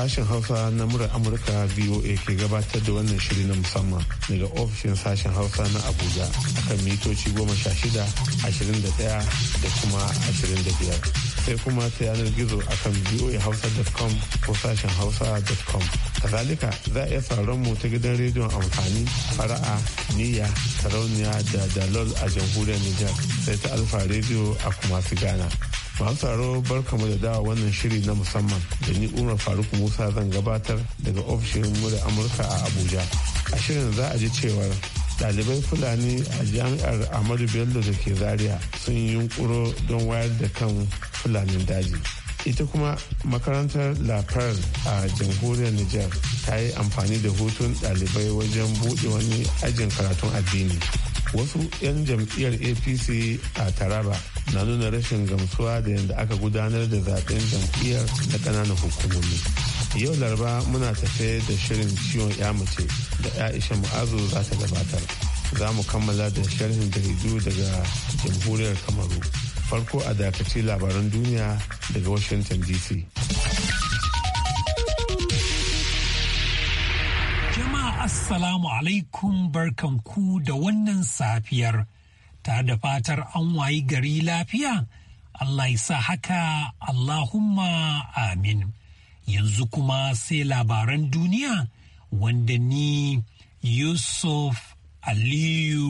Sashen Hausa na murar Amurka VOA ke gabatar da wannan shiri na musamman daga ofishin sashen Hausa na Abuja akan mitoci goma sha shida, ashirin da daya da kuma ashirin da biyar. Sai kuma ta yanar gizo a kan akan com ko sashen hausa hausa.com. Kazalika za a iya sauran mu ta gidan rediyon amfani fara'a niyya sarauniya da dalol a jamhuriyar Nijar sai ta alfa rediyo a kuma Ghana. masu tsaro barkamu da dawa wannan shiri na musamman da ni umar faruk musa zan gabatar daga ofishin mu da amurka a abuja a shirin za a ji cewar ɗalibai fulani a jami'ar amadu bello da ke zaria sun yi yunkuro don wayar da kan fulanin daji ita kuma makarantar la a jamhuriyar nijar ta yi amfani da hutun ɗalibai wajen buɗe wani ajin karatun addini wasu 'yan jam'iyyar apc a taraba na nuna rashin gamsuwa da yadda aka gudanar da zaben jam'iyyar na ƙananan hukumomi yau laraba muna tafe da shirin ciwon ya mace da aisha mu'azu za ta gabatar za mu kammala da sharhin jaridu daga jamhuriyar kamaru farko a dakaci labaran duniya daga washington dc jama'a assalamu alaikum barkanku da wannan safiyar tare da fatar an wayi gari lafiya Allah ya sa haka Allahumma amin yanzu kuma sai labaran duniya wanda ni Yusuf Aliyu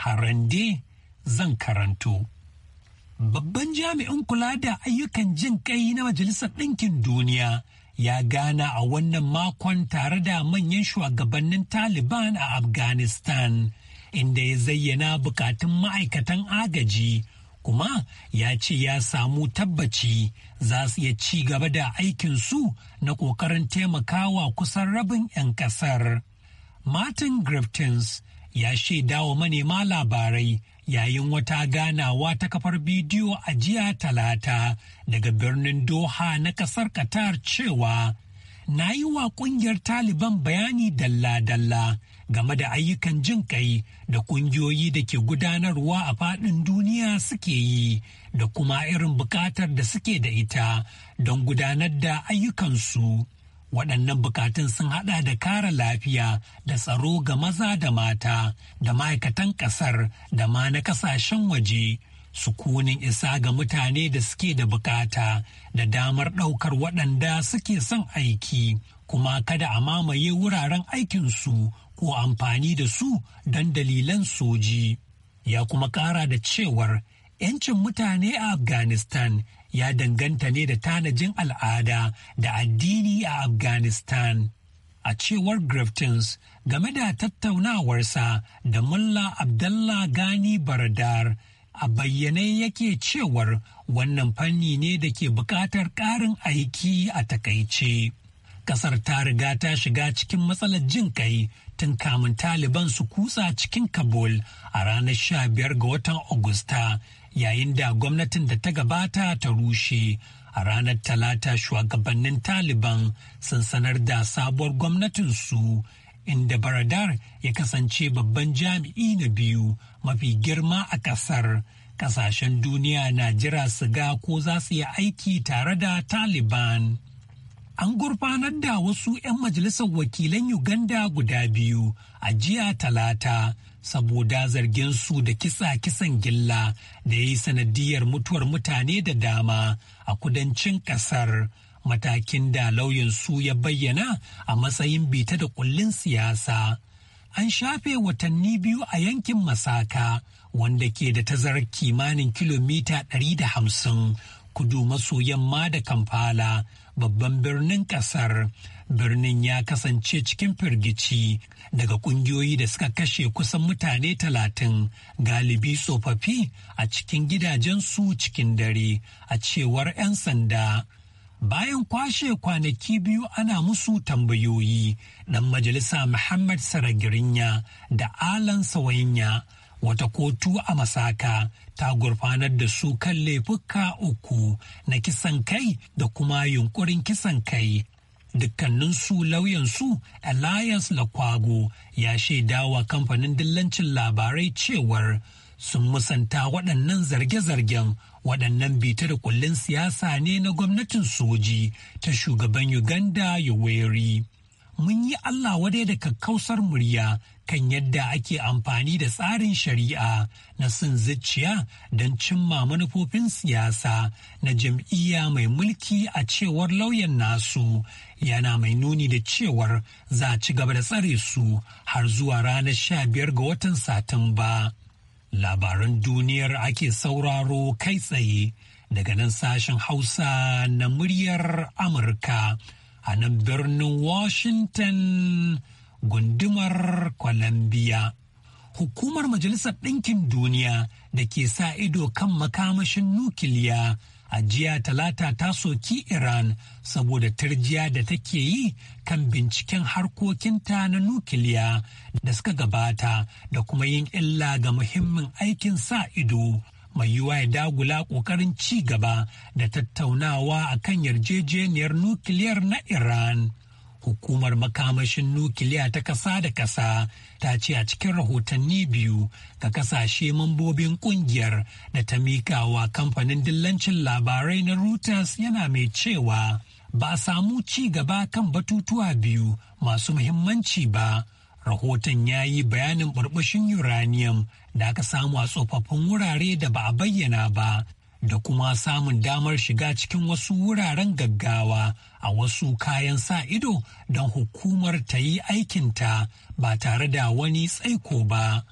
Harande zan karanto. Babban jami'in kula da ayyukan jin kai na Majalisar Ɗinkin Duniya ya gana a wannan makon tare da manyan shugabannin Taliban a Afghanistan. inda ya zayyana bukatun ma'aikatan agaji kuma ya ce ya samu tabbaci za su iya ci gaba da aikinsu na ƙoƙarin taimakawa kusan rabin 'yan ƙasar. Martin Griftins ya shaidawa manema labarai yayin wata ganawa ta kafar bidiyo a jiya talata daga birnin Doha na ƙasar Qatar cewa na yi wa ƙungiyar Taliban bayani dalla-dalla game da ayyukan jin kai da kungiyoyi da ke gudanarwa a faɗin duniya suke yi da kuma irin bukatar da suke da ita don gudanar da ayyukansu. Waɗannan bukatun sun haɗa da kare lafiya da tsaro ga maza da mata da ma'aikatan ƙasar da ma na ƙasashen waje. sukunin isa ga mutane da suke da bukata da damar ɗaukar waɗanda suke son aiki kuma kada a mamaye wuraren aikinsu ko amfani da su don dalilan soji. Ya kuma ƙara da cewar 'yancin mutane a Afghanistan ya danganta ne da tanajin al'ada da addini a Afghanistan. A cewar Griftins game da tattaunawarsa da Mulla Abdullah Gani Baradar a bayyane yake cewar wannan fanni ne da ke buƙatar ƙarin aiki a takaice. Ƙasar ta riga ta shiga cikin matsalar jin kai tun kamun taliban su kutsa cikin kabul a ranar 15 ga watan agusta yayin da gwamnatin da ta gabata ta rushe a ranar talata shugabannin taliban sun sanar da sabuwar gwamnatinsu inda baradar ya kasance babban jami'i na biyu mafi girma a kasar kasashen duniya na jira su ga ko za su yi aiki tare da taliban an gurfanar da wasu 'yan majalisar wakilan Uganda guda biyu a jiya talata saboda zargin su da kisa kisan gilla da ya yi sanadiyar mutuwar mutane da dama a kudancin kasar matakin da lauyin su ya bayyana a matsayin bita da kullin siyasa. An shafe watanni biyu a yankin Masaka wanda ke da tazarar kimanin kilomita 150 kudu maso yamma da Kampala. babban birnin kasar birnin ya kasance cikin firgici daga kungiyoyi da suka kashe kusan mutane talatin galibi tsofaffi a cikin gidajensu cikin dare a cewar 'yan sanda bayan kwashe kwanaki biyu ana musu tambayoyi dan majalisa muhammad saragirinya da alan sawayinya wata kotu a masaka ta gurfanar da su kan laifuka uku na kisan kai da kuma yunkurin kisan kai dukkaninsu lauyansu alliance lakwago ya shaidawa kamfanin dillancin labarai cewar sun musanta waɗannan zarge-zargen waɗannan bitar da kullun siyasa ne na gwamnatin soji ta shugaban uganda yoweri mun yi Allah wadai da kakkausar murya kan yadda ake amfani da tsarin shari'a na sun zuciya don cimma manufofin siyasa na jam'iyya mai mulki a cewar lauyan nasu yana mai nuni da cewar za ci gaba da tsare su har zuwa ranar biyar ga watan Satumba. Labaran duniyar ake sauraro kai tsaye daga nan sashen Hausa na muryar Amurka. a nan birnin Washington gundumar Columbia. Hukumar Majalisar Ɗinkin Duniya da ke sa ido kan makamashin nukiliya a jiya talata ta soki Iran saboda tarjiya da take yi kan binciken harkokinta na nukiliya da suka gabata da kuma yin illa ga muhimmin aikin sa ido mai yiwuwa ya dagula ƙoƙarin ci gaba da tattaunawa a kan yarjejeniyar nukiliyar na Iran. Hukumar makamashin nukiliya ta ƙasa da ƙasa ta ce a cikin rahotanni biyu ga kasashe mambobin ƙungiyar da ta mikawa kamfanin dillancin labarai na Reuters yana mai cewa ba a samu ci gaba kan batutuwa biyu masu muhimmanci ba. rahoton ya yi bayanin burbushin uranium da aka samu a tsofaffin wurare da ba a bayyana ba da kuma samun damar shiga cikin wasu wuraren gaggawa a wasu kayan sa ido don hukumar ta yi aikinta ba tare da wani tsaiko ba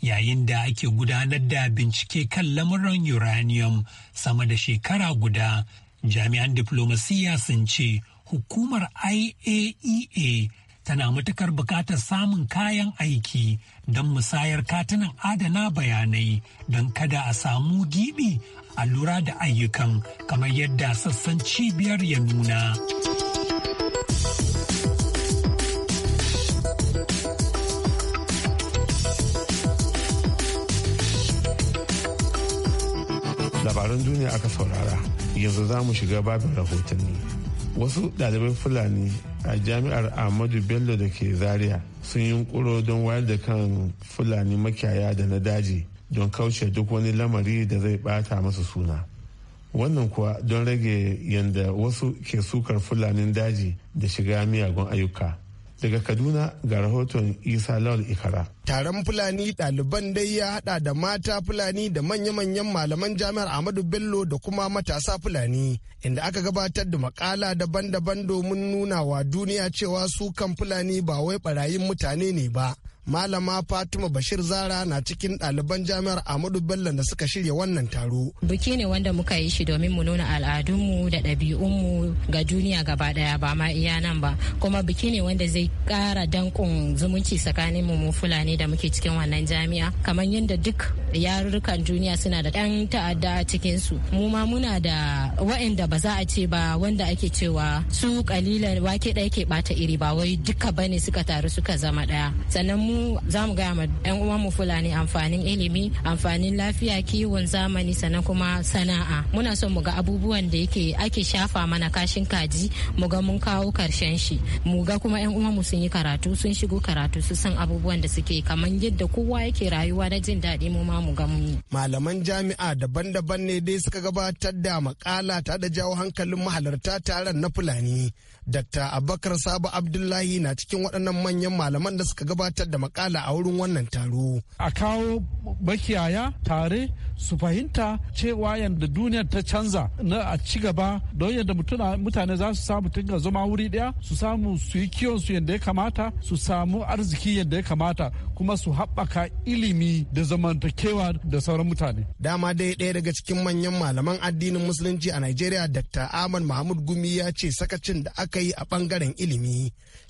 yayin da ake gudanar da bincike kan lamuran uranium sama da shekara guda jami'an diflomasiyya sun ce hukumar iaea e tana matukar bukatar samun kayan aiki don musayar katunan adana bayanai don kada a samu gibi a lura da ayyukan kamar yadda sassan cibiyar ya nuna. Labaran duniya aka saurara yanzu za mu shiga babin rahotanni. wasu ɗaliban fulani a jami'ar ahmadu bello da ke zaria sun yi kuro don wayar da kan fulani makiyaya da na daji don kauce duk wani lamari da zai bata masu suna wannan kuwa don rage yadda wasu ke sukar fulanin daji da shiga miyagun ayyuka daga kaduna ga rahoton isa lal ikara taron fulani ɗaliban dai ya hada da mata fulani da manya-manyan malaman jami'ar ahmadu bello da kuma matasa fulani inda aka gabatar da makala daban-daban domin nuna wa duniya cewa su kan fulani ba wai barayin mutane ne ba malama fatima bashir zara na cikin ɗaliban jami'ar amadu bello da suka shirya wannan taro biki ne wanda muka yi shi domin mu nuna al'adunmu da ɗabi'unmu ga duniya gaba ɗaya ba ma iya nan ba kuma biki ne wanda zai ƙara danƙon zumunci tsakanin mu fulani da muke cikin wannan jami'a kamar yadda duk yarurrukan duniya suna da ɗan ta'adda a cikin su mu ma muna da wa'inda ba za a ce ba wanda ake cewa su kalilan wake ɗaya ke ɓata iri ba wai duka bane suka taru suka zama ɗaya sannan mu mu za mu gaya ma 'yan mu fulani amfanin ilimi amfanin lafiya kiwon zamani sannan kuma sana'a muna son mu ga abubuwan da yake ake shafa mana kashin kaji mu ga mun kawo karshen shi mu ga kuma 'yan mu sun yi karatu sun shigo karatu su san abubuwan da suke kamar yadda kowa yake rayuwa na jin daɗi mu ma mu ga mun malaman jami'a daban-daban ne dai suka gabatar da makala ta da jawo hankalin mahalarta taron na fulani dr abubakar sabo abdullahi na cikin waɗannan manyan malaman da suka gabatar da makala a wurin wannan taro. A kawo makiyaya tare su fahimta cewa yadda duniya ta canza na a ci gaba don yadda mutane za su samu tunga zama wuri daya su samu su yi kiwon su yadda ya kamata su samu arziki yadda ya kamata kuma su haɓaka ilimi da zamantakewa da sauran mutane. Dama dai ɗaya daga cikin manyan malaman addinin musulunci a Najeriya Dr. Ahmad Mahmud Gumi ya ce sakacin da aka yi a ɓangaren ilimi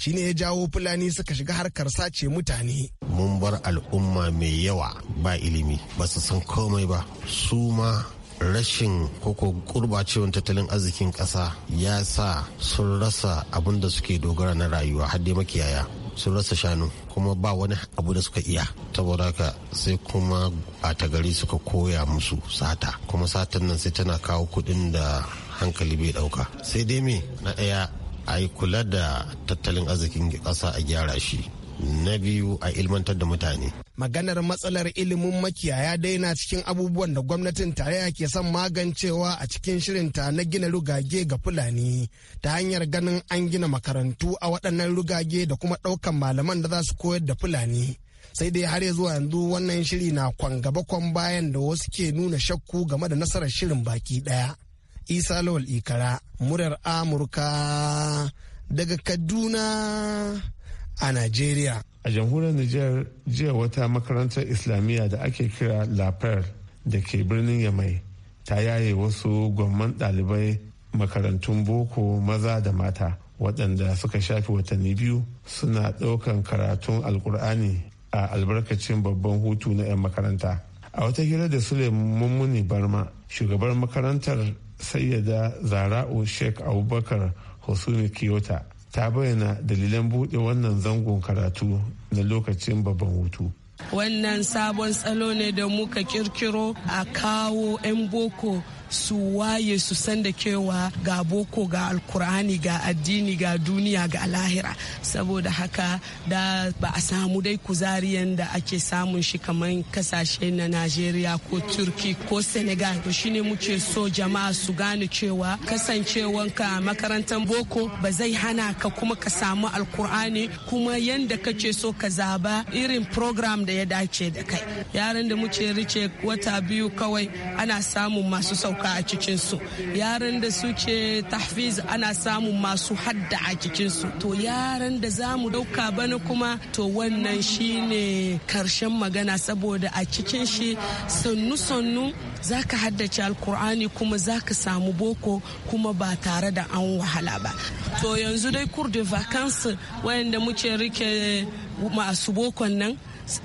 shi ne ya jawo Fulani suka shiga harkar sace mutane. tunani. Mun bar al'umma mai yawa ba ilimi ba su san komai ba su ma rashin koko gurbacewan tattalin arzikin ƙasa ya sa sun rasa abin da suke dogara na rayuwa har dai makiyaya sun rasa shanu kuma ba wani abu da suka iya saboda haka sai kuma a ta gari suka koya musu sata kuma satan nan sai tana kawo kuɗin da hankali bai ɗauka sai dai me na ɗaya a yi kula da tattalin arzikin ƙasa a gyara shi na biyu a ilmantar da mutane maganar matsalar ilimin makiyaya dai na cikin abubuwan da gwamnatin tarayya ke son magancewa a cikin shirinta na gina rugage ga fulani ta hanyar ganin an gina makarantu a waɗannan rugage da kuma ɗaukan malaman da za su koyar da fulani sai dai har zuwa yanzu wannan shiri na kwan gaba kwan bayan da wasu ke nuna shakku game da nasarar shirin baki ɗaya isa lawal ikara murar amurka daga kaduna a Najeriya. A jamhuriyar Nijar jiya wata makarantar Islamiyya da ake kira Lafar da ke birnin Yamai ta yaye wasu gwamman ɗalibai makarantun boko maza da mata waɗanda suka shafi watanni biyu suna ɗaukan karatun alkur'ani a albarkacin babban hutu na 'yan makaranta. A wata hira da Sule Mummuni Barma, shugabar makarantar sayyada zara'u Sheikh Abubakar Hosumi Kiyota ta bayyana dalilan buɗe wannan zangon karatu na lokacin babban hutu. wannan sabon tsalo ne da muka kirkiro a kawo 'yan boko su waye su san da cewa ga boko ga alkur'ani ga addini ga duniya ga lahira saboda haka da ba a samu dai kuzari da ake samun shi kamar kasashe na nigeria ko turki ko senegal to shine muke so jama'a su gane cewa kasancewanka makarantar boko ba zai hana ka kuma ka samu alkur'ani kuma yanda kace so ka zaba irin program da ya dace da kai yaran da muke rice wata biyu kawai ana samun masu sau ɗauka a cikinsu yaran da suke tahfiz ana samun masu hadda a cikinsu to yaran da za mu ɗauka bana kuma to wannan shine karshen magana saboda a cikin shi sannu-sannu za ka haddace alkur'ani kuma za ka samu boko kuma ba tare da an wahala ba to yanzu dai kur vacances wayanda muke rike masu bokon nan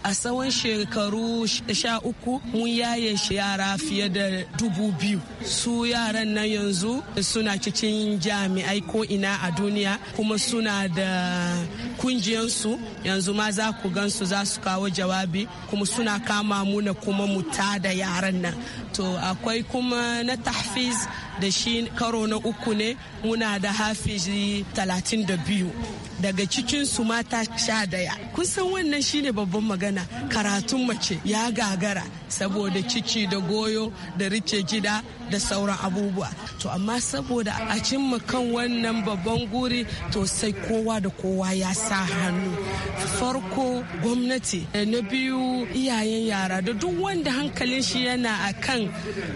a tsawon shekaru sha uku mun yaye shi yara fiye da dubu biyu su yaran nan yanzu suna cikin jami'ai ko ina a duniya kuma suna da kungiyansu yanzu ma za ku gansu za su kawo jawabi kuma suna kama mu na kuma muta da yaran nan to akwai kuma na tafiz. da shi karo na uku ne muna da hafizi biyu daga cikin su mata sha daya kusan wannan shine babban magana karatun mace ya gagara saboda ciki da goyo da rike gida da sauran abubuwa to amma saboda a cimma kan wannan babban guri to sai kowa da kowa ya sa hannu farko gwamnati na biyu iyayen yara da duk wanda hankalin shi yana a kan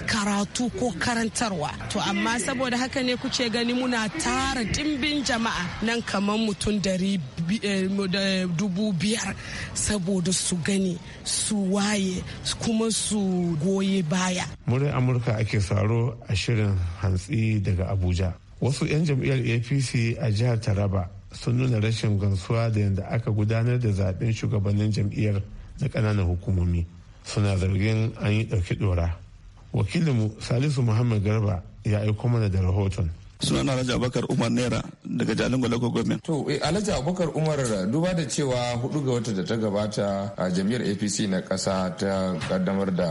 karatu ko karantarwa to amma saboda haka ne kuce gani muna tara dimbin jama'a nan kamar mutum dari eh, dubu biyar saboda su gani su waye kuma su goye baya. Murin Amurka ake saro a shirin hantsi daga Abuja. Wasu 'yan jam'iyyar APC a jihar Taraba sun nuna rashin gansuwa da yadda aka gudanar da zaben shugabannin jam'iyyar da ƙananan hukumomi. Suna zargin an yi ɗauki ɗora. Wakilinmu Salisu Muhammad Garba ya aiko mana da rahoton sunan Alhaji Abubakar Umar Naira daga jalin gwalago Government. To eh, Alhaji Abubakar Umar duba da cewa hudu ga wata da ta gabata a jami'ar APC na kasa ta kaddamar da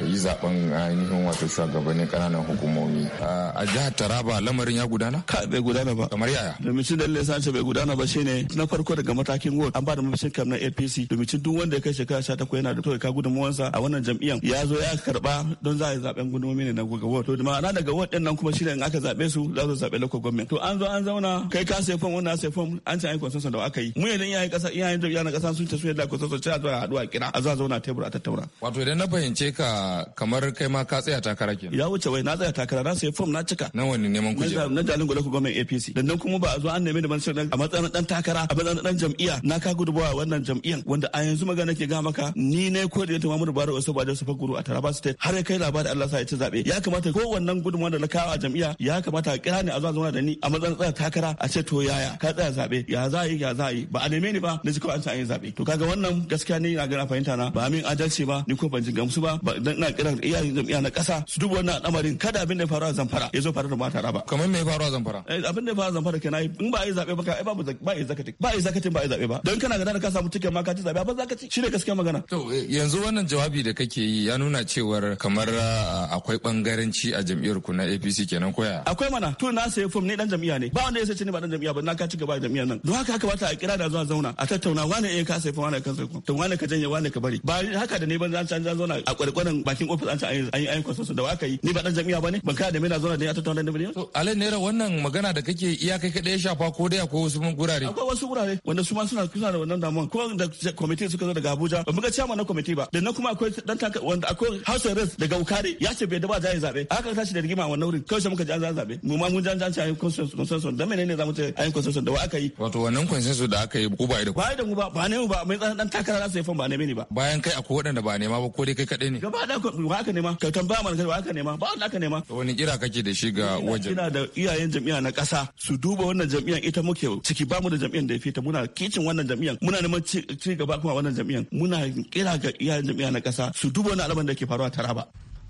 yi zaben ainihin wato shugabannin kananan hukumomi. A jihar Taraba lamarin ya gudana? Ka bai gudana ba. Kamar yaya? Domin shi da Lesanci bai gudana ba shine na farko daga matakin ward an ba da mafishin kam na APC domin duk wanda ya kai shekara 18 yana da to ka gudunmuwansa a wannan jam'iyyar ya zo ya karba don za a yi zaben gudunmomi ne na gogawa. To ma'ana daga ward din nan kuma shine in aka zabe zaɓe su za su zaɓe lokacin gwamnati. to an zo an zauna kai ka sai fom wannan sai fom an ce an yi consensus da aka yi mu idan yayin ƙasa iyayen da iyayen ƙasa sun ce su yadda consensus sai a zo a haɗu a kira a zo a zauna tebur a tattauna wato idan na fahimce ka kamar kai ma ka tsaya takara kenan ya wuce wai na tsaya takara na sai fom na cika na wani neman ku je. na jalin local government APC dan nan kuma ba a zo an neme da man a matsayin dan takara a matsayin dan jam'iyya na ka gudubawa wannan jam'iyyan wanda a yanzu magana ke ga maka ni ne ko da ta Muhammadu Buhari wasu ba da su fakuru a Taraba State har kai labarin Allah sa ya ci zabe ya kamata ko wannan gudunmawa da na kawo a jam'iyya ya kamata a kira ni a zuwa zama da ni a matsayin tsaya takara a ce to yaya ka tsaya zaɓe ya za a yi ya za a yi ba a neme ni ba na ji kawai an sa an yi zaɓe to kaga wannan gaskiya ni na ga fahimta na ba min adalci ba ni ko ban ji gamsu ba dan ina kira iyayen jam'iyya na ƙasa su duba wannan al'amarin kada abin da ya faru a zamfara ya zo faru da mata ba kamar me ya faru a zamfara eh, abin da ya faru a zamfara kenan in ba a yi zaɓe ba ai babu ba a yi zakati ba a yi zakati ba a yi zaɓe ba don kana gana da ka samu tikin ma ka ci zaɓe ba zakati shine gaskiya magana to eh, yanzu wannan jawabi da kake yi ya nuna cewar kamar ah, akwai bangaranci a jam'iyyar ku na APC kenan koya akwai mana tun na sayi fom ne dan jami'a ne ba wanda ya sace ni ba dan jami'a ba na ka ci gaba da jami'a nan don haka haka bata a kira da zuwa zauna a tattauna wane eh ka sayi fom wane ka sayi fom to wane ka janye wane ka bari ba haka da ne ban zan canza zauna a kwarkwaran bakin office an ci an yi ayyukan sosu da waka yi ni ba dan jami'a ba ne ban ka da me na zauna da ya tattauna da miliyan to alai naira wannan magana da kake iya kai kadai ya shafa ko da ko wasu mun gurare akwai wasu gurare wanda su ma suna kusa da wannan damuwa ko da committee suka zo daga Abuja ba mu ga chairman na committee ba da nan kuma akwai dan taka wanda akwai House of daga Ukare ya ce bai da ba zai zabe aka tashi da rigima wannan wurin kai sai muka ji an zaza zabe mu ma mun jan jan ayi consensus dan menene zamu ce ayi consensus da wa aka yi wato wannan consensus da aka yi ku ba da ku ba da mu ba ba ne mu ba mai dan takara za su yi fan ba ne mini ba bayan kai akwai waɗanda ba nema ba ko dai kai kadai ne gaba da ba aka nema ka tambaya mana kai ba aka nema ba wanda aka nema wani kira kake da shi ga wajen Ina da iyayen jami'a na ƙasa su duba wannan jami'an ita muke ciki ba mu da jami'an da ya fita muna kicin wannan jami'an muna neman ci gaba kuma wannan jami'an muna kira ga iyayen jami'a na ƙasa su duba wannan alaman da ke faruwa taraba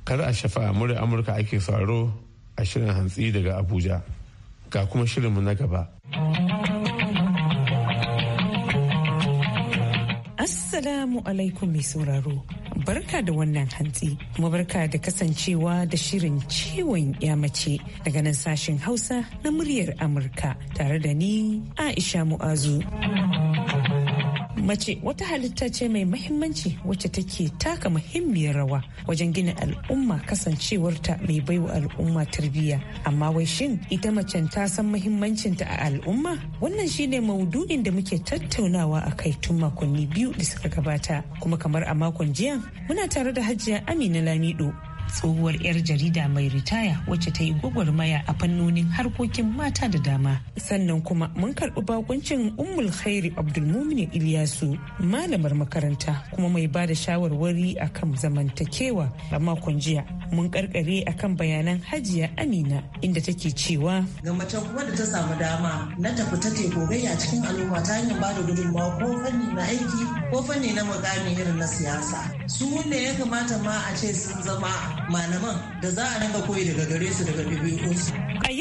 kar a shafa murya amurka ake sauraro a shirin hantsi daga abuja ga kuma shirinmu na gaba assalamu alaikum mai sauraro barka da wannan hantsi kuma barka da kasancewa da shirin ciwon mace daga nan sashen hausa na muryar amurka tare da ni aisha mu'azu. Mace wata halitta ce mai mahimmanci wacce take taka muhimmiyar rawa wajen gina al'umma kasancewarta mai baiwa al'umma tarbiyya. Amma wai shin ita macen ta san mahimmancinta a al'umma? Wannan shine maudu'in da muke tattaunawa a kai tun makonni biyu da suka gabata. Kuma kamar a makon jiya muna tare da Hajiya Amina Lamido tsohuwar 'yar jarida mai ritaya wacce ta yi gwagwarmaya a fannonin harkokin mata da dama sannan kuma mun karɓi bakuncin ummul khairi abdulmumin iliyasu malamar makaranta kuma mai ba da shawarwari akan zamantakewa a makon jiya mun karkare akan bayanan hajiya amina inda take cewa ga mace kuma da ta samu dama na tafi ta gogayya cikin al'umma ta hanyar ba da gudunmawa ko fanni na aiki ko fanni na magani irin na siyasa su ne ya kamata ma a ce sun zama malaman da za a dinga koyi daga gare su daga ɗabi'unsu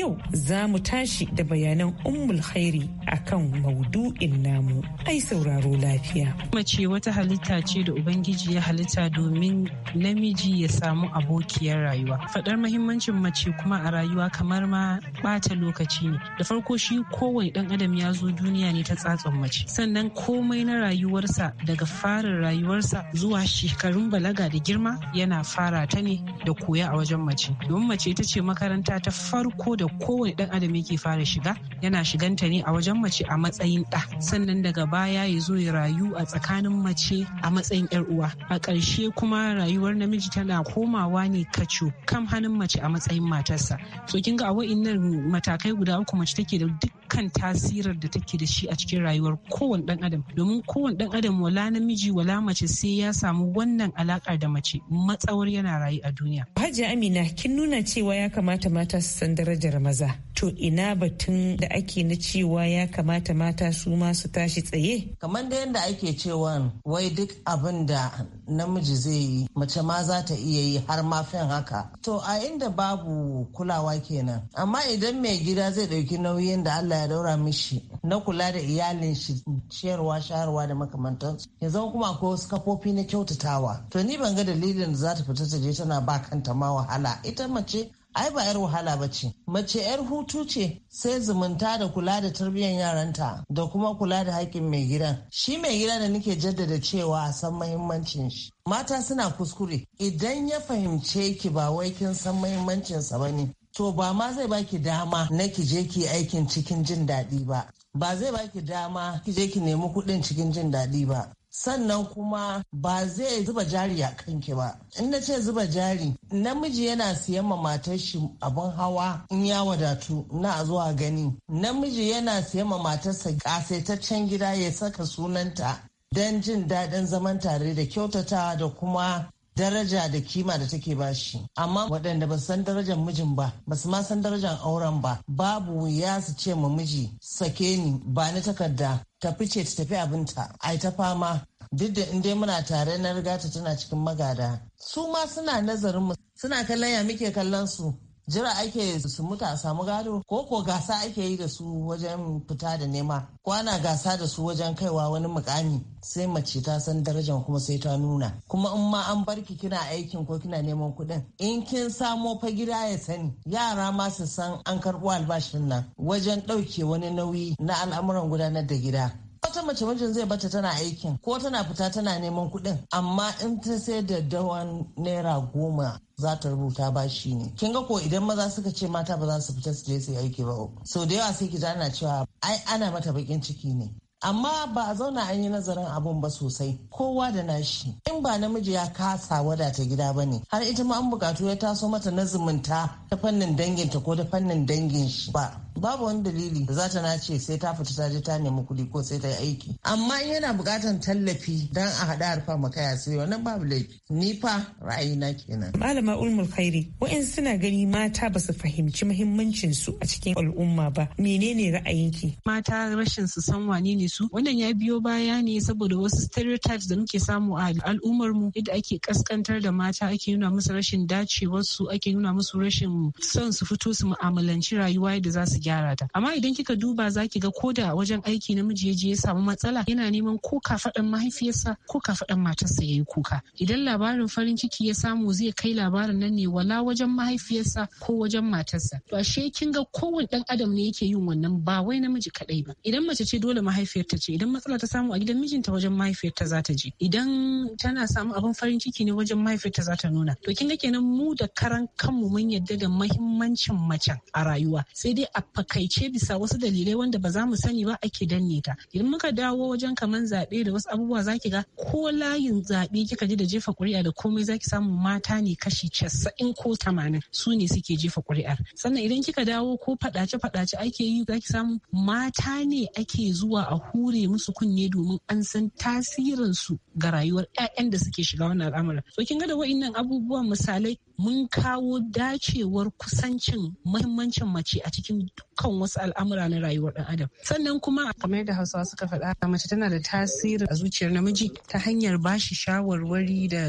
yau za mu tashi da bayanan ummul khairi akan maudu'in namu. Ai sauraro lafiya. Mace wata halitta ce da Ubangiji ya halitta domin namiji ya samu abokiyar rayuwa. Faɗar mahimmancin mace kuma a rayuwa kamar ma bata lokaci ne. Da farko shi kowai ɗan adam ya zo duniya ne ta tsatson mace. Sannan komai na rayuwarsa daga farin rayuwarsa zuwa shekarun balaga da girma yana fara ta ne da koya a wajen mace. Domin mace ita ce makaranta ta farko da kowane dan adam yake fara shiga yana shiganta ne a wajen mace a matsayin ɗa sannan daga baya ya zo ya rayu a tsakanin mace a matsayin yar uwa a ƙarshe kuma rayuwar namiji tana komawa ne kacu kan hannun mace a matsayin matarsa to kin ga a wa'innan matakai guda uku mace take da dukkan tasirar da take da shi a cikin rayuwar kowane dan adam domin kowane dan adam wala namiji wala mace sai ya samu wannan alakar da mace matsawar yana rayu a duniya. Hajiya Amina kin nuna cewa ya kamata mata su san darajar maza to ina batun da ake na cewa ya kamata mata su ma su tashi tsaye kamar da yadda ake cewa wai duk abin da namiji zai yi mace ma za ta iya yi har ma fin haka to a inda babu kulawa kenan amma idan mai gida zai ɗauki nauyin da Allah ya daura mishi na kula da iyalin shi ciyarwa shayarwa da makamantansu ya zama kuma akwai wasu kafofi na kyautatawa to ni ban ga dalilin da za ta fita ta je tana ba kanta ma wahala ita mace ai ba yar wahala ba ce mace yar hutu ce sai zumunta da kula da tarbiyyar yaranta da kuma kula da haƙƙin mai gidan shi mai gida da nake jaddada cewa a san mahimmancin shi mata suna kuskure idan ya fahimce ki ba wai kin san mahimmancinsa ba ne to ba ma zai baki dama na ki je ki aikin cikin jin daɗi ba ba zai baki dama ki je ki nemi kuɗin cikin jin daɗi ba sannan kuma ba zai zuba jari a kanki ba in na ce zuba jari namiji yana siyan ma matar shi abin hawa in ya wadatu na zuwa gani namiji yana siyan ma matarsa kasaitaccen gida ya saka sunanta don jin daɗin zaman tare da kyautatawa da kuma daraja da kima da take bashi amma waɗanda ba san darajar mijin ba ba su ma san darajar auren ba babu ya su ce ma miji sake ni ba ni takarda ta fice ta tafi abinta ai ta fama duk da in dai muna tare na riga ta tana cikin magada su ma suna nazarin mu suna kallon ya muke kallon su jira ake su mutu a samu gado ko ko gasa ake yi da su wajen fita da nema kwana gasa da su wajen kaiwa wani mukami sai mace ta san darajan kuma sai ta nuna kuma in ma an barki kina aikin ko kina neman kuɗin in kin samo fa gida ya sani yara ma su san an karɓo albashin nan wajen ɗauke wani nauyi na al'amuran gudanar da gida wata mace mijin zai bata tana aikin ko tana fita tana neman kuɗin amma in ta sai da dawan naira goma za ta rubuta ba shi ne kin ga ko idan maza suka ce mata ba za su fita su je su aiki ba so da yawa sai ki zana cewa ai ana mata bakin ciki ne amma ba a zauna an yi nazarin abun ba sosai kowa da nashi in ba namiji ya kasa wadata gida ba ne har ita ma an bukatu ya taso mata na zumunta ta fannin danginta ko ta fannin dangin shi ba babu wani dalili da za ta nace sai ta fita ta je ta nemi kuɗi ko sai ta yi aiki amma in yana buƙatar tallafi don a haɗa harfa makaya, sai wannan babu laifi ni fa ra'ayina kenan. malama ulmul khairi wa'in suna gani mata ba su fahimci muhimmancin su a cikin al'umma ba menene ra'ayinki. mata rashin su san wane ne su wannan ya biyo baya ne saboda wasu stereotypes da muke samu a al'ummar mu yadda ake kaskantar da mata ake nuna musu rashin dacewar su ake nuna musu rashin son su fito su mu'amalanci rayuwa yadda za su gyara ta amma idan kika duba zaki ga ko da wajen aiki namiji ya je ya samu matsala yana neman ko kafaɗan mahaifiyarsa ko kafaɗan matarsa ya yi kuka idan labarin farin ciki ya samu zai kai labarin nan ne wala wajen mahaifiyarsa ko wajen matarsa to ashe kin ga kowane ɗan adam ne yake yin wannan ba wai namiji kaɗai ba idan mace ce dole mahaifiyarta ce idan matsala ta samu a gidan mijinta wajen mahaifiyarta za ta je idan tana samu abin farin ciki ne wajen mahaifiyarta za ta nuna to kin ga kenan mu da karan kanmu mun yadda da mahimmancin macen a rayuwa sai dai a fakaice bisa wasu dalilai wanda ba za mu sani ba ake danne ta idan muka dawo wajen kaman zaɓe da wasu abubuwa zaki ga ko layin zaɓe kika ji da jefa ƙuri'a da komai zaki samu mata ne kashi casa'in ko tamanin su ne suke jefa ƙuri'ar sannan idan kika dawo ko faɗace faɗace ake yi zaki samu mata ne ake zuwa a hure musu kunne domin an san tasirin su ga rayuwar 'ya'yan da suke shiga wannan al'amuran? so kin ga da wa'innan abubuwan misalai mun kawo dacewar kusancin mahimmancin mace a cikin kan wasu al'amura na rayuwar ɗan adam sannan kuma kamar da hausawa suka faɗa mace tana da tasiri a zuciyar namiji ta hanyar bashi shawarwari da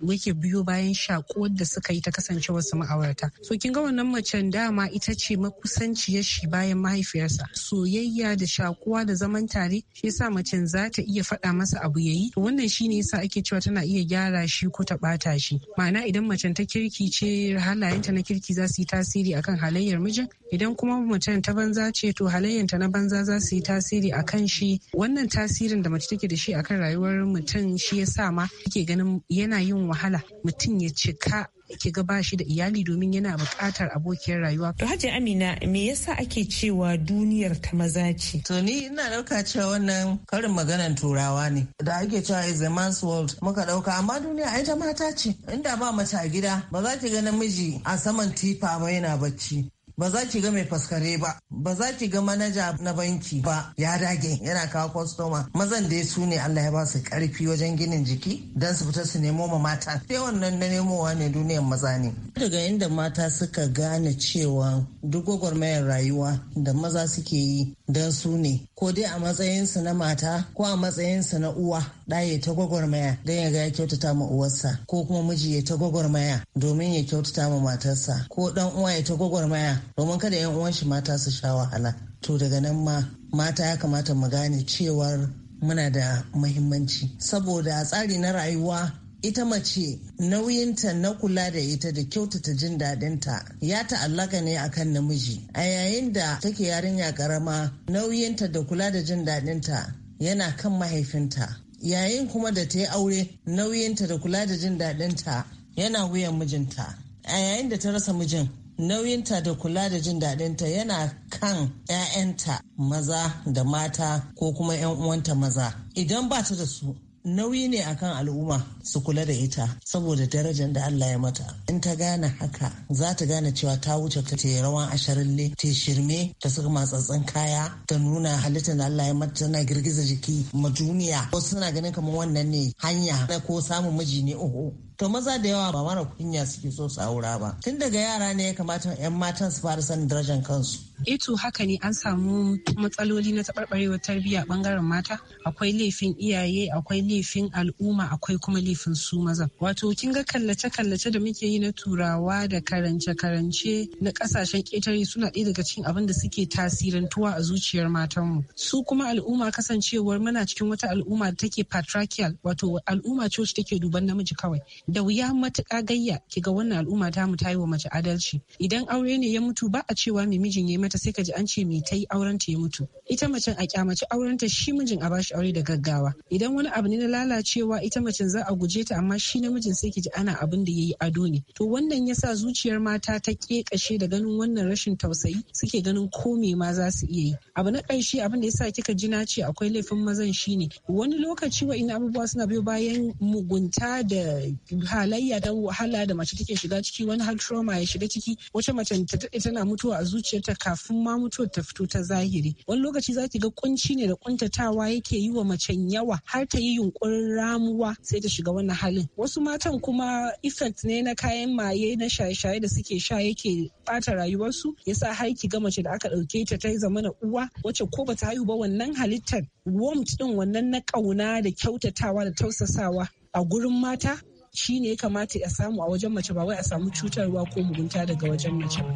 muke biyo bayan shakuwar da suka yi ta kasance wasu ma'aurata so kin ga wannan macen dama ita ce makusanciyar shi bayan mahaifiyarsa soyayya da shakuwa da zaman tare shi yasa macen za ta iya faɗa masa abu yayi wannan shine yasa ake cewa tana iya gyara shi ko ta bata shi ma'ana idan macen ta kirki ce halayenta na kirki za su yi tasiri akan halayyar mijin idan kuma mace halayyatan ta banza ce to halayyanta na banza za su yi tasiri a kan shi wannan tasirin da mace take da shi akan rayuwar mutum shi ya sa ma yake ganin yana yin wahala mutum ya cika ki ga ba shi da iyali domin yana buƙatar abokiyar rayuwa. To Hajji Amina me yasa ake cewa duniyar ta maza ce? To ni ina ɗauka cewa wannan karin maganar turawa ne da ake cewa is a man's world muka ɗauka amma duniya ai ta mata ce inda ba mace a gida ba za ki ga namiji a saman tifa ba yana bacci. ba za ki ga mai faskare ba ba za ki ga manaja na banki ba ya dage yana kawo kwastoma mazan dai su ne Allah ya ba su karfi wajen ginin jiki don su fita su nemo ma mata sai wannan na nemowa ne duniyar maza ne daga inda mata suka gane cewa duk gwagwarmayar rayuwa da maza suke yi dan su ne ko dai a matsayinsa na mata ko a matsayinsa na uwa ɗaya ta gwagwarmaya don ya ga ya kyautata ma uwarsa ko kuma miji ya ta gwagwarmaya domin ya kyautata ma matarsa ko ɗan uwa ya ta gwagwarmaya domin kada yan uwan shi mata su sha wahala to daga nan ma mata ya kamata mu gane cewar muna da muhimmanci saboda tsari na rayuwa ita mace nauyinta na kula da ita da kyautata jin daɗinta ya ta'allaka ne a kan namiji a yayin da take yarinya karama nauyinta da kula da jin dadinta yana kan mahaifinta yayin kuma da ta yi aure nauyinta da kula da jin dadinta yana wuyan mijinta a yayin da ta rasa mijin nauyinta da kula da jin daɗinta yana kan 'ya'yanta maza da mata ko kuma 'yan uwanta maza idan ba ta da su nauyi ne akan al'umma su kula da ita saboda darajar da Allah ya mata in ta gane haka za ta gane cewa ta wuce ta yi rawan ashirin ne ta shirme ta saka matsatsan kaya ta nuna halittar da Allah ya mata tana girgiza jiki ma duniya wasu suna ganin kamar wannan ne hanya ko samun miji ne oho to maza da yawa ba mara kunya suke so su aura ba tun daga yara ne ya kamata yan matan su fara sanin darajar kansu eto eh haka ne an samu matsaloli na taɓarɓarewar tarbiyya bangaren mata akwai laifin iyaye akwai laifin al'umma akwai kuma laifin su maza wato kin ga kallace kallace da muke yi na turawa da karance karance na kasashen ƙetare suna ɗaya daga cikin abin da suke tasirantuwa a zuciyar matan mu su kuma al'umma kasancewar muna cikin wata al'umma da take patriarchal wato al'umma coci take duban namiji kawai da wuya matuƙa gayya ga wannan al'umma ta mu tayi wa mace adalci idan aure ne ya mutu ba a cewa mai mijin ya mata sai ka ji an ce mai ta yi auren ta ya mutu ita mace a kyamaci auren ta shi mijin a bashi aure da gaggawa idan wani abu ne na lalacewa ita macen za a guje ta amma shi namijin sai ki ji ana abin da yayi ado ne to wannan yasa zuciyar mata ta kashe da ganin wannan rashin tausayi suke ganin ko me ma za su iya yi abu na ƙarshe abin da yasa kika ji na ce akwai laifin mazan shine wani lokaci wa ina abubuwa suna biyo bayan mugunta da halayya ta wahala da mace take shiga ciki wani har trauma ya shiga ciki wace mace ta daɗe tana mutuwa a zuciyarta kafin ma mutuwar ta fito ta zahiri wani lokaci za ki ga kunci ne da kuntatawa yake yi wa macen yawa har ta yi yunkurin ramuwa sai ta shiga wani halin wasu matan kuma effect ne na kayan maye na shaye-shaye da suke sha yake bata rayuwarsu yasa har ki ga mace da aka ɗauke ta ta zama na uwa Wace ko bata haihu ba wannan halittar warmth din wannan na ƙauna da kyautatawa da tausasawa a gurin mata shi ne ya kamata a samu a wajen mace ba wai a samu cutarwa ko mugunta daga wajen mace ba.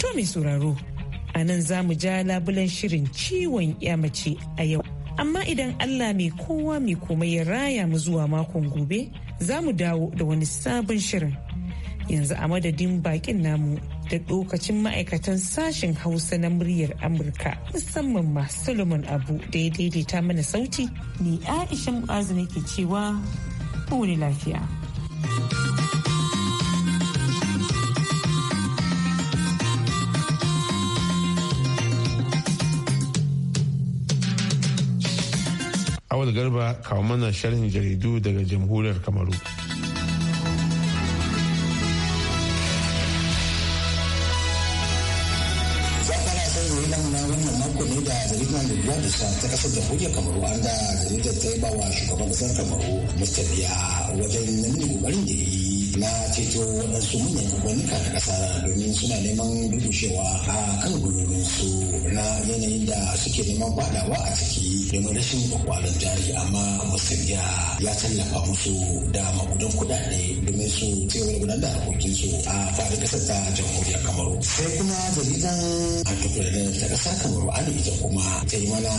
To mai sauraro, a nan za mu ja labulen shirin ciwon ya mace a yau. Amma idan Allah mai kowa mai komai ya raya mu zuwa makon gobe, za mu dawo da wani sabon shirin. Yanzu a madadin bakin namu da lokacin ma'aikatan sashen hausa na muryar amurka musamman ma solomon abu da ya daidaita mana sauti ni aisha mu'azu ke cewa mu wani lafiya. Awal Garba kawo mana sharhin jaridu daga jamhuriyar Kamaru. majalisa ta kasar jamhuriyar kamaru an da jaridar ta yaba wa shugaban kasar kamaru mr biya wajen namiji kokarin da yi na ceto waɗansu manyan gwamnika na ƙasa domin suna neman rubushewa a kan gudunansu na yanayin da suke neman faɗawa a ciki domin rashin kwakwalon jari amma musayya ya tallafa musu da magudan kuɗaɗe domin su ce wani gudan da harkokinsu a faɗin ƙasar ta jamhuriyar kamaru sai kuma jaridan a tukulalin ta ƙasa kamaru da ita kuma ta yi mana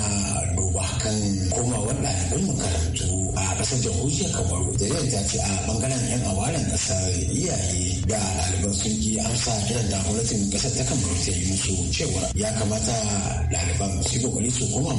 duba akan komawar ɗaliban makarantu a ƙasar jamhuriyar kamaru jaridar ta ce a bangaren yan awalan ƙasar iyaye da ɗaliban sun ki amsa irin da gwamnatin ƙasar ta kamaru ta yi musu cewa ya kamata ɗaliban su kokari su koma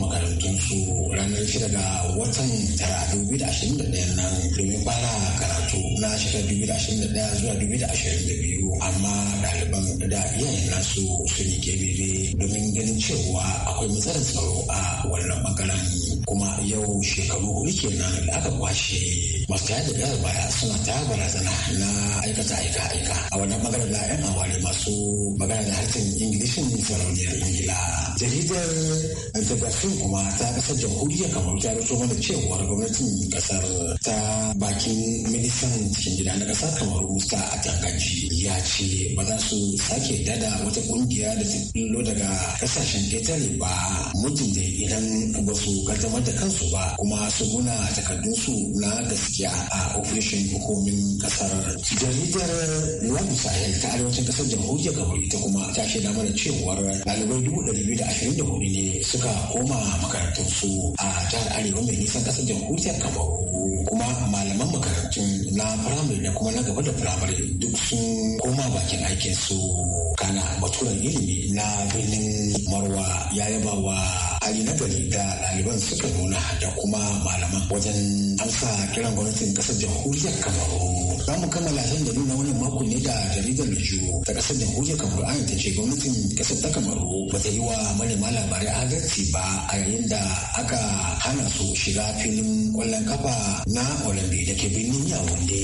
su ranar shida ga watan tara dubu da ashirin da ɗaya nan domin fara karatu na shekarar dubu da ashirin da ɗaya zuwa dubu da ashirin da biyu amma ɗaliban da iyayen nasu su yi kebebe domin ganin cewa akwai matsalar tsaro a wannan bangaren kuma yau shekaru hudu kenan da aka kwashe masu tayar da baya suna ta barazana na aikata aika aika a wannan magana da yan awali masu magana da harshen ingilishin sarauniyar ingila jaridar da kuma ta kasar jamhuriyar kamar ta rato mana cewar gwamnatin kasar ta bakin ministan cikin gida na kasar kamar musta a tangaji ya ce ba za su sake dada wata kungiya da ta daga kasashen ketare ba mutum da idan ba su kaddamar da kansu ba kuma su nuna takardunsu na gaskiya a ofishin hukumin kasar jaridar luwan sahel ta arewacin kasar jamhuriyar gabar ita kuma ta shaida mana cewar ɗalibai dubu ɗari biyu da ashirin da hudu ne suka koma makarantunsu a jihar arewa mai nisan kasar jamhuriyar kamaru kuma malaman makarantun na firamare da kuma na gaba da firamare duk sun koma bakin aikin su kana baturan ilimi na birnin marwa ya yaba wa na nagari da ɗaliban suka nuna da kuma malaman wajen an kiran gwamnatin kasar jamhuriyar kamaru za mu kammala shan da nuna wannan mako ne da jaridar lujo ta kasar jamhuriyar kamaru an ta ce gwamnatin kasar ta kamaru ba ta yi wa manema labarai adalci ba a yayin da aka hana su shiga filin kwallon kafa na olambe da ke birnin wande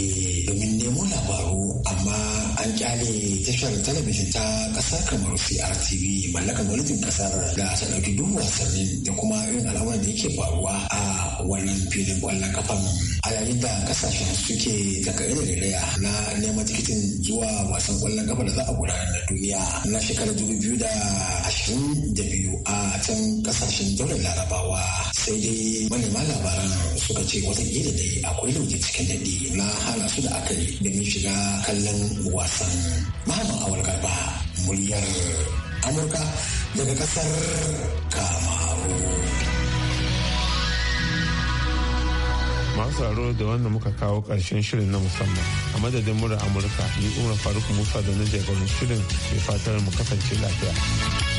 domin nemo labaru amma an kyale tashar talabijin ta kasar kamaru CRTV mallakan gwamnatin kasar da ta ɗauki duk wasannin da kuma irin al'amuran da yake faruwa a wannan filin kwallon kafa hakan a yayin da kasashen suke takarirriya na neman tikitin zuwa wasan kwallon kafa da za a gudanar da duniya na shekarar dubu biyu da ashirin da biyu a can kasashen daular larabawa sai dai manema labaran suka ce watakila dai akwai lauje cikin daɗi na hana su da aka da mun shiga kallon wasan mahaifin awal karba muryar amurka daga kasar kamaru masu tsaro da wanda muka kawo ƙarshen shirin na musamman a madadin murar amurka ni umar faruk musa da na jagoran shirin ke fatar mu kasance lafiya